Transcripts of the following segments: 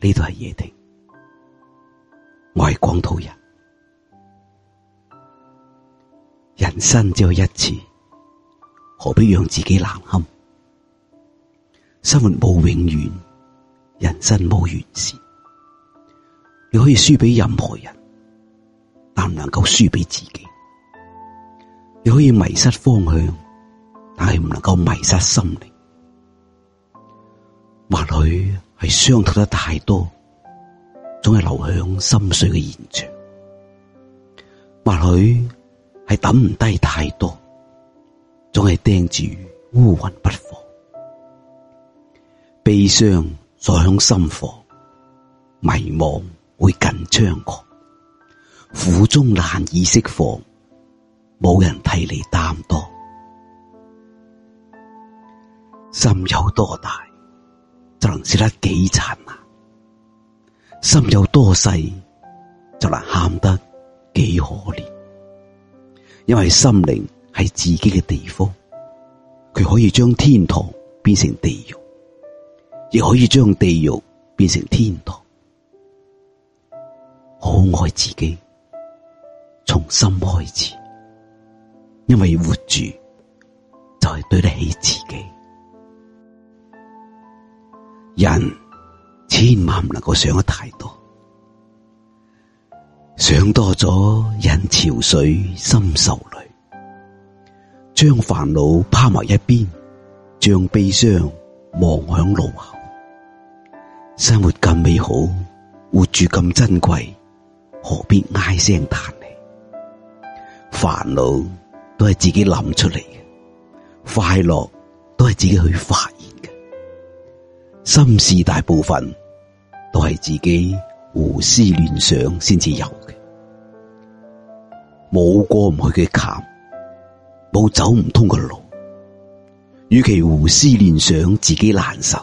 呢度係夜定。我係廣土人。人生只有一次，何必讓自己難堪？生活冇永遠，人生冇完事。你可以輸俾任何人，但唔能夠輸俾自己。你可以迷失方向，但係唔能夠迷失心靈。或許係傷透得太多，總係留響心碎嘅現場；或許係等唔低太多，總係盯住烏雲不放。悲傷在響心房，迷茫會更猖狂，苦中難以釋放，冇人替你擔當，心有多大？能笑得幾燦爛，心有多細，就能喊得幾可憐。因為心靈係自己嘅地方，佢可以將天堂變成地獄，亦可以將地獄變成天堂。好愛自己，從心開始，因為活住就係對得起自己。人千萬唔能夠想得太多，想多咗引潮水心受累，將煩惱拋埋一邊，將悲傷望向路口。生活咁美好，活住咁珍貴，何必唉聲嘆氣？煩惱都係自己諗出嚟嘅，快樂都係自己去發。心事大部分都係自己胡思亂想先至有嘅，冇過唔去嘅坎，冇走唔通嘅路。與其胡思亂想自己難受，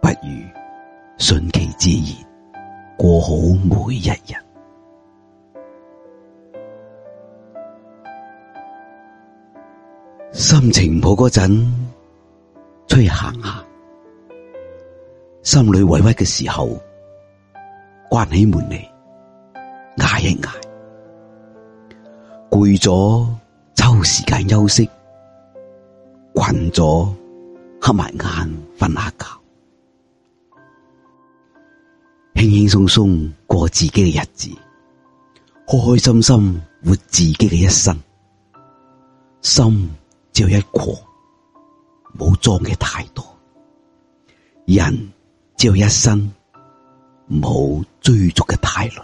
不如順其自然，過好每一日。心情唔好嗰陣，出去行下，心裏委屈嘅時候，關起門嚟捱一捱。攰咗抽時間休息，困咗瞌埋眼瞓下覺，輕輕鬆鬆過自己嘅日子，開開心心活自己嘅一生，心只有一個。冇裝嘅太多，人只有一生，冇追逐嘅太累，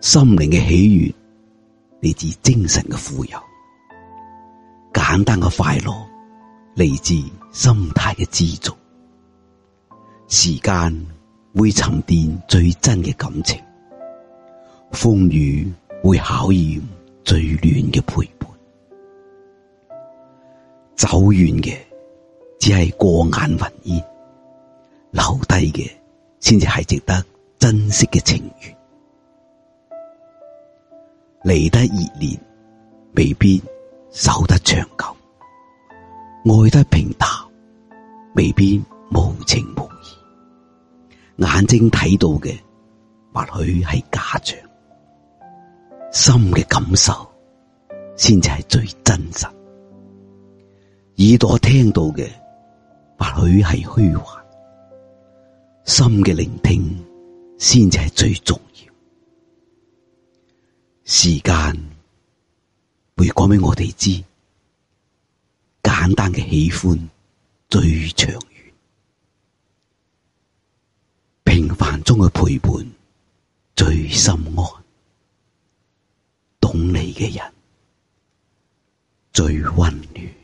心靈嘅喜悅嚟自精神嘅富有，簡單嘅快樂嚟自心態嘅知足，時間會沉澱最真嘅感情，風雨會考驗最暖嘅陪。走遠嘅只係過眼雲煙，留低嘅先至係值得珍惜嘅情緣。嚟得熱烈，未必守得長久；愛得平淡，未必無情無義。眼睛睇到嘅或許係假象，心嘅感受先至係最真實。耳朵聽到嘅，或許係虛幻；心嘅聆聽，先至係最重要。時間會講俾我哋知，簡單嘅喜歡最長遠，平凡中嘅陪伴最心安，懂你嘅人最溫暖。